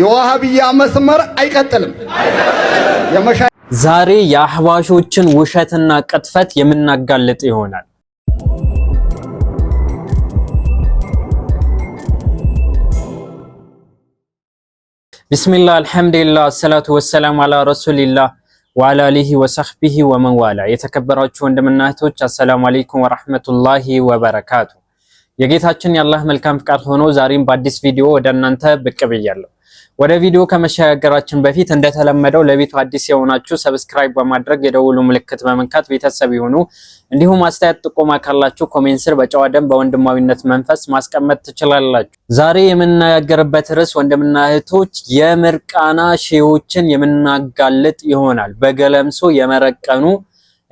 የዋሃብያ መስመር አይቀጥልም። ዛሬ የአህባሾችን ውሸትና ቅጥፈት የምናጋልጥ ይሆናል። ቢስሚላ አልሐምዱሊላ አሰላቱ ወሰላም አላ ረሱሊላ ወአላ አሊሂ ወሰህቢሂ ወመንዋላ። የተከበራችሁ ወንድምና እህቶች አሰላሙ አሌይኩም ወራህመቱላሂ ወበረካቱ። የጌታችን የአላህ መልካም ፍቃድ ሆኖ ዛሬም በአዲስ ቪዲዮ ወደ እናንተ ብቅ ብያለሁ። ወደ ቪዲዮ ከመሸጋገራችን በፊት እንደተለመደው ለቤቱ አዲስ የሆናችሁ ሰብስክራይብ በማድረግ የደውሉ ምልክት በመንካት ቤተሰብ የሆኑ እንዲሁም አስተያየት ጥቆማ ካላችሁ ኮሜንት ስር በጨዋ ደንብ በወንድማዊነት መንፈስ ማስቀመጥ ትችላላችሁ። ዛሬ የምናገርበት ርዕስ ወንድምና እህቶች የምርቃና ሺዎችን የምናጋልጥ ይሆናል። በገለምሶ የመረቀኑ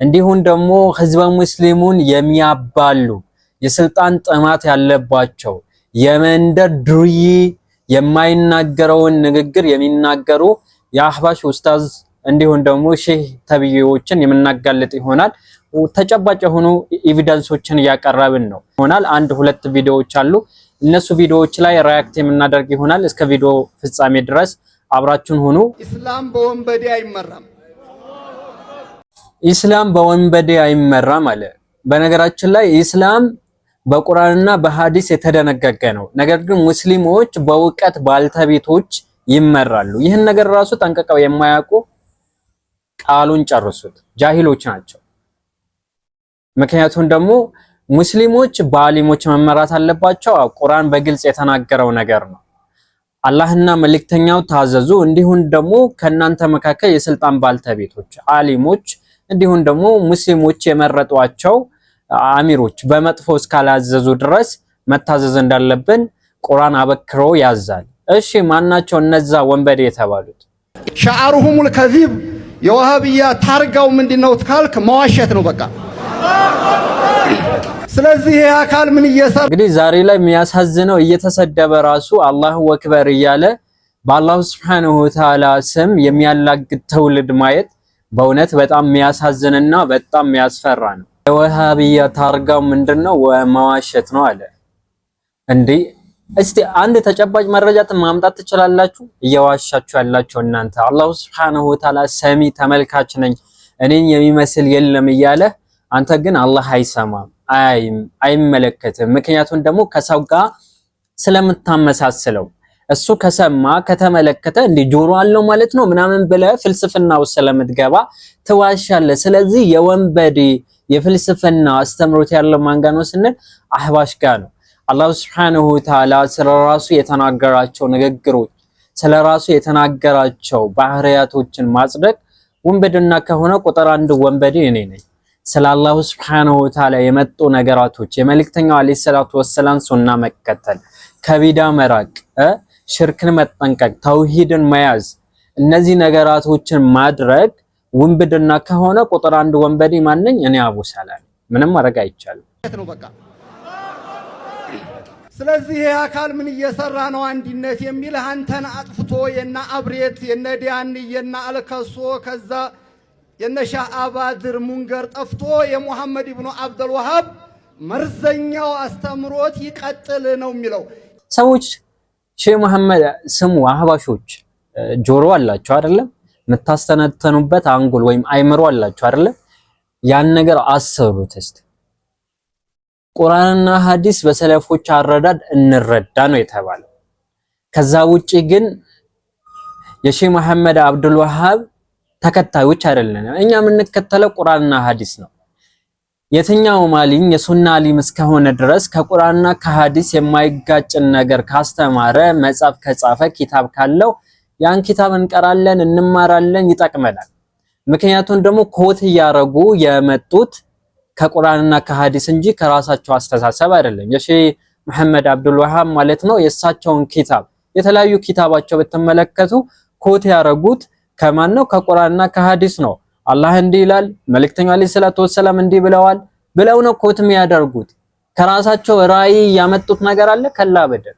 እንዲሁም ደግሞ ህዝበ ሙስሊሙን የሚያባሉ የስልጣን ጥማት ያለባቸው የመንደር ዱርዬ የማይናገረውን ንግግር የሚናገሩ የአህባሽ ኡስታዝ እንዲሁም ደግሞ ሼህ ተብዬዎችን የምናጋልጥ ይሆናል። ተጨባጭ የሆኑ ኤቪደንሶችን እያቀረብን ነው ይሆናል። አንድ ሁለት ቪዲዮዎች አሉ። እነሱ ቪዲዮዎች ላይ ሪያክት የምናደርግ ይሆናል። እስከ ቪዲዮ ፍጻሜ ድረስ አብራችሁን ሁኑ። ኢስላም በወንበዴ አይመራም። ኢስላም በወንበዴ አይመራም አለ። በነገራችን ላይ ኢስላም በቁርአንና በሐዲስ የተደነገገ ነው። ነገር ግን ሙስሊሞች በእውቀት ባልተቤቶች ይመራሉ። ይህን ነገር ራሱ ጠንቅቀው የማያውቁ ቃሉን ጨርሱት ጃሂሎች ናቸው። ምክንያቱም ደግሞ ሙስሊሞች በአሊሞች መመራት አለባቸው። ቁርአን በግልጽ የተናገረው ነገር ነው። አላህና መልእክተኛው ታዘዙ። እንዲሁም ደግሞ ከእናንተ መካከል የስልጣን ባልተቤቶች አሊሞች፣ እንዲሁም ደግሞ ሙስሊሞች የመረጧቸው አሚሮች በመጥፎ እስካላዘዙ ድረስ መታዘዝ እንዳለብን ቁርአን አበክሮ ያዛል። እሺ ማናቸው እነዛ ወንበዴ የተባሉት? ሻአሩሁሙል ከዚብ የዋሃብያ ታርጋው ምንድነው ካልክ መዋሸት ነው በቃ። ስለዚህ ይህ አካል ምን እየሰራ እንግዲህ ዛሬ ላይ የሚያሳዝነው እየተሰደበ ራሱ አላሁ አክበር እያለ በአላሁ ስብሐነሁ ወተዓላ ስም የሚያላግድ ትውልድ ማየት በእውነት በጣም የሚያሳዝንና በጣም የሚያስፈራ ነው። የወሃቢያ ታርጋው ምንድን ነው? መዋሸት ነው አለ። እንዴ እስቲ አንድ ተጨባጭ መረጃት ማምጣት ትችላላችሁ? እየዋሻችሁ ያላችሁ እናንተ። አላሁ ሱብሓነሁ ወተዓላ ሰሚ ተመልካች ነኝ እኔን የሚመስል የለም እያለ አንተ ግን አላህ አይሰማም፣ አይም አይመለከትም። ምክንያቱም ደግሞ ከሰው ጋር ስለምታመሳስለው እሱ ከሰማ ከተመለከተ እንዲ ጆሮ አለው ማለት ነው ምናምን ብለህ ፍልስፍናው ስለምትገባ ትዋሻለህ። ስለዚህ የወንበዴ የፍልስፍና አስተምሮት ያለው ማንጋ ነው ስንል አህባሽ ጋር ነው። አላሁ ስብሐነሁ ተዓላ ስለራሱ የተናገራቸው ንግግሮች፣ ስለራሱ የተናገራቸው ባህሪያቶችን ማጽደቅ ወንበድና ከሆነ ቁጥር አንድ ወንበዴ እኔ ነኝ። ስለ አላሁ ስብሐነሁ ተዓላ የመጡ ነገራቶች የመልእክተኛው አለይሂ ሰላቱ ወሰላም ሱና መከተል፣ ከቢዳ መራቅ፣ ሽርክን መጠንቀቅ፣ ተውሂድን መያዝ እነዚህ ነገራቶችን ማድረግ ውንብድና ከሆነ ቁጥር አንድ ወንበዴ ማነኝ? እኔ አቡ ሰላም። ምንም ማድረግ አይቻልም ነው በቃ። ስለዚህ ይህ አካል ምን እየሰራ ነው? አንድነት የሚል አንተን አጥፍቶ የነ አብሬት የነ ዲያን የነ አልከሶ ከዛ የነ ሻህ አባድር ሙንገር ጠፍቶ የሙሐመድ ኢብኑ አብደል ወሃብ መርዘኛው አስተምሮት ይቀጥል ነው የሚለው ሰዎች ሼህ መሐመድ ስሙ። አህባሾች ጆሮ አላቸው አይደለም የምታስተነተኑበት አንጎል ወይም አይምሮ አላችሁ አይደለ? ያን ነገር አሰሩት እስቲ። ቁርአንና ሐዲስ በሰለፎች አረዳድ እንረዳ ነው የተባለው። ከዛ ውጪ ግን የሼህ መሐመድ አብዱል ወሃብ ተከታዮች አይደለንም። እኛ የምንከተለው ቁርአንና ሐዲስ ነው። የትኛው አሊም የሱና አሊም እስከሆነ ድረስ ከቁርአንና ከሐዲስ የማይጋጭን ነገር ካስተማረ መጻፍ ከጻፈ ኪታብ ካለው ያን ኪታብ እንቀራለን፣ እንማራለን፣ ይጠቅመናል። ምክንያቱም ደግሞ ኮት እያረጉ የመጡት ከቁርአንና ከሐዲስ እንጂ ከራሳቸው አስተሳሰብ አይደለም። የሺ መሐመድ አብዱል ወሃብ ማለት ነው። የእሳቸውን ኪታብ የተለያዩ ኪታባቸው ብትመለከቱ ኮት ያረጉት ከማን ነው? ከቁርአንና ከሐዲስ ነው። አላህ እንዲህ ይላል፣ መልእክተኛ አለይሂ ሰላቱ ወሰለም እንዲህ ብለዋል ብለው ነው ኮት የሚያደርጉት። ከራሳቸው ራዕይ ያመጡት ነገር አለ ከላ በደል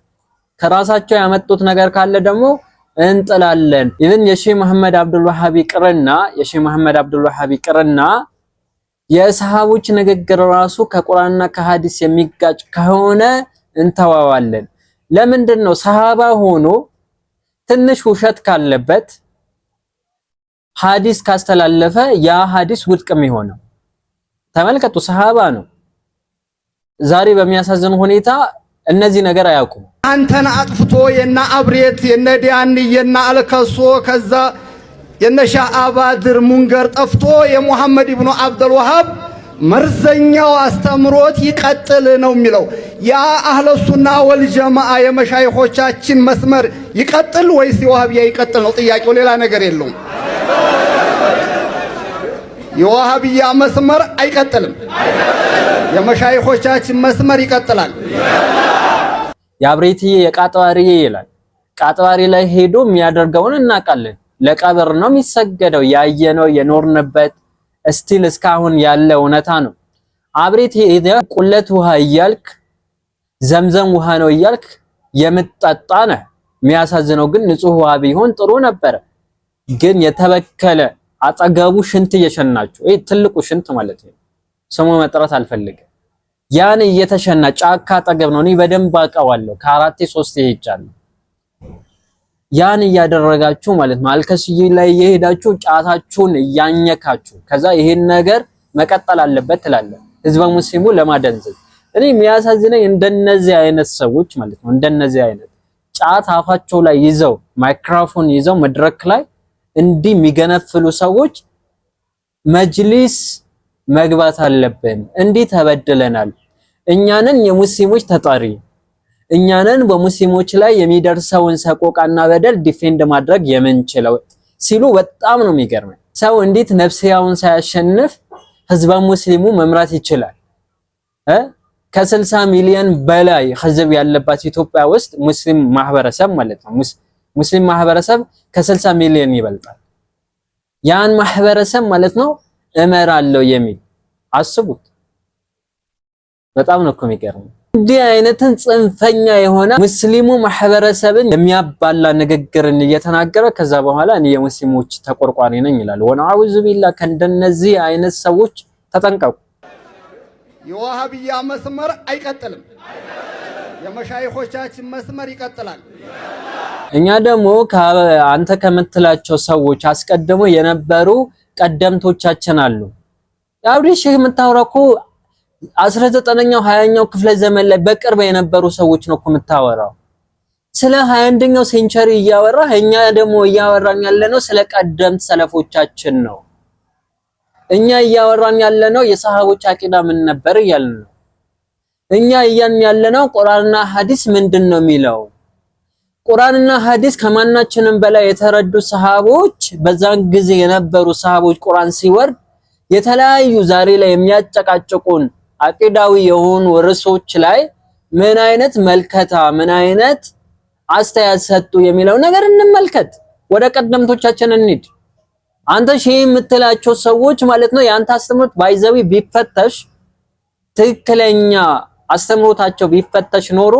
ከራሳቸው ያመጡት ነገር ካለ ደግሞ እንጥላለን። ኢብን የሼህ መሐመድ አብዱልዋሃቢ ቅርና የሼህ መሐመድ አብዱልዋሃቢ ቅርና የሰሃቦች ንግግር ራሱ ከቁርአንና ከሐዲስ የሚጋጭ ከሆነ እንተዋዋለን። ለምንድን ነው ሰሃባ ሆኖ ትንሽ ውሸት ካለበት ሐዲስ ካስተላለፈ ያ ሐዲስ ውድቅ የሚሆነው? ተመልከቱ፣ ሰሃባ ነው። ዛሬ በሚያሳዝን ሁኔታ እነዚህ ነገር አያውቁም። አንተን አጥፍቶ የነ አብሬት የነ ዲያን የነ አልከሶ ከዛ የነ ሻህ አባድር ሙንገር ጠፍቶ የሙሐመድ ኢብኑ አብደል ወሃብ መርዘኛው አስተምሮት ይቀጥል ነው የሚለው። ያ አህለሱና ጀማዓ የመሻይኾቻችን መስመር ይቀጥል ወይስ የዋሃብያ ይቀጥል ነው ጥያቄው። ሌላ ነገር የለውም። የዋሃብያ መስመር አይቀጥልም። የመሻይኾቻችን መስመር ይቀጥላል። የአብሬትዬ የቃጠዋሪዬ ይላል። ቃጠዋሪ ላይ ሄዶ የሚያደርገውን እናውቃለን። ለቀብር ነው የሚሰገደው። ያየነው የኖርንበት እስቲል እስካሁን ያለ እውነታ ነው። አብሬት ሄደ ቁለት ውሃ እያልክ ዘምዘም ውሃ ነው እያልክ የምትጠጣ ነህ። የሚያሳዝነው ግን ንጹህ ውሃ ቢሆን ጥሩ ነበረ። ግን የተበከለ አጠገቡ ሽንት እየሸናችሁ ይህ ትልቁ ሽንት ማለት ነው። ስሙ መጥራት አልፈልግም። ያን እየተሸና ጫካ አጠገብ ነው። እኔ በደንብ አውቀዋለሁ። ከአራቴ ሶስቴ ሄጃለሁ። ያን እያደረጋችሁ ማለት ነው። ላይ እየሄዳችሁ ጫታችሁን እያኘካችሁ ከዛ ይሄን ነገር መቀጠል አለበት ትላለ ህዝበ ሙስሊሙ ለማደንዘዝ። እኔ የሚያሳዝነኝ እንደነዚህ አይነት ሰዎች ማለት ነው። እንደነዚህ አይነት ጫት አፋቸው ላይ ይዘው ማይክሮፎን ይዘው መድረክ ላይ እንዲህ የሚገነፍሉ ሰዎች መጅሊስ መግባት አለብን እንዲህ ተበድለናል እኛንን የሙስሊሞች ተጠሪ እኛንን በሙስሊሞች ላይ የሚደርሰውን ሰቆቃና በደል ዲፌንድ ማድረግ የምንችለው ሲሉ በጣም ነው የሚገርመኝ። ሰው እንዴት ነፍስያውን ሳያሸንፍ ህዝበ ሙስሊሙ መምራት ይችላል? ከ60 ሚሊዮን በላይ ህዝብ ያለባት ኢትዮጵያ ውስጥ ሙስሊም ማህበረሰብ ማለት ነው። ሙስሊም ማህበረሰብ ከ60 ሚሊዮን ይበልጣል። ያን ማህበረሰብ ማለት ነው እመራለሁ የሚል አስቡት። በጣም ነው እኮ የሚገርም። እንዲህ አይነትን ጽንፈኛ የሆነ ሙስሊሙ ማህበረሰብን የሚያባላ ንግግርን እየተናገረ ከዛ በኋላ እኔ የሙስሊሞች ተቆርቋሪ ነኝ ይላል። ወነአውዙ ቢላ ከእንደነዚህ አይነት ሰዎች ተጠንቀቁ። የዋሃብያ መስመር አይቀጥልም፣ የመሻይኮቻችን መስመር ይቀጥላል። እኛ ደግሞ አንተ ከምትላቸው ሰዎች አስቀድሞ የነበሩ ቀደምቶቻችን አሉ። አብሪሽ የምታወራው እኮ አስራ ዘጠነኛው ሀያኛው ክፍለ ዘመን ላይ በቅርብ የነበሩ ሰዎች ነው እኮ የምታወራው። ስለ ሀያ አንደኛው ሴንቸሪ እያወራ እኛ ደግሞ እያወራን ያለነው ስለ ቀደምት ሰለፎቻችን ነው። እኛ እያወራን ያለነው የሰሃቦች አቂዳ ምን ነበር እያልን ነው። እኛ እያን ያለነው ቁርአንና ሀዲስ ምንድን ነው የሚለው ቁርአንና ሀዲስ ከማናችንም በላይ የተረዱ ሰሃቦች በዛን ጊዜ የነበሩ ሰሃቦች ቁርአን ሲወርድ የተለያዩ ዛሬ ላይ የሚያጨቃጭቁን አቂዳዊ የሆኑ ርዕሶች ላይ ምን አይነት መልከታ ምን አይነት አስተያየት ሰጡ የሚለው ነገር እንመልከት። ወደ ቀደምቶቻችን እንሂድ። አንተ ሺህ የምትላቸው ሰዎች ማለት ነው የአንተ አስተምሮት ባይዘዊ ቢፈተሽ ትክክለኛ አስተምሮታቸው ቢፈተሽ ኖሮ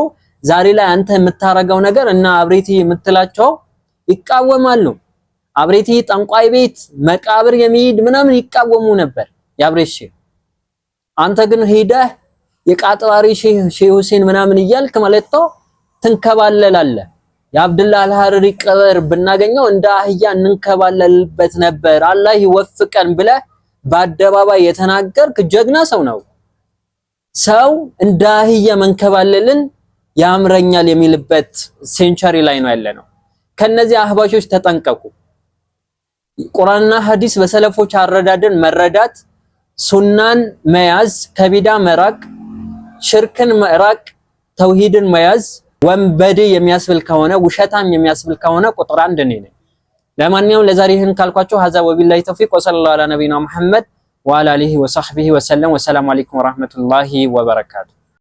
ዛሬ ላይ አንተ የምታረገው ነገር እና አብሬቲ የምትላቸው ይቃወማሉ። አብሬቲ ጠንቋይ ቤት መቃብር የሚሄድ ምናምን ይቃወሙ ነበር የአብሬት ሼህ አንተ ግን ሄደህ የቃጥባሪ ሼህ ሁሴን ምናምን እያልክ ማለት ነው ትንከባለላለህ። የአብድላ አልሐሪሪ ቀበር ብናገኘው እንደ አህያ እንንከባለልበት ነበር፣ አላህ ይወፍቀን ብለህ በአደባባይ የተናገርክ ጀግና ሰው ነው። ሰው እንደ አህያ መንከባለልን ያምረኛል የሚልበት ሴንቸሪ ላይ ነው ያለ ነው። ከነዚህ አህባሾች ተጠንቀቁ። ቁርአንና ሐዲስ በሰለፎች አረዳደን መረዳት ሱናን መያዝ፣ ከቢዳ መራቅ፣ ሽርክን መራቅ፣ ተውሂድን መያዝ ወንበዴ የሚያስብል ከሆነ ውሸታም የሚያስብል ከሆነ ቁጥር አንድ እኔ ነኝ። ለማንኛውም ለዛሬ ይህን ካልኳቸው ሀዛ ወቢላሂ ተውፊቅ ወሰለላሁ ዐላ ነቢና ሙሐመድ ወዐላ አሊሂ ወሰህቢሂ ወሰለም። ወሰላሙ አለይኩም ወረህመቱላሂ ወበረካቱ።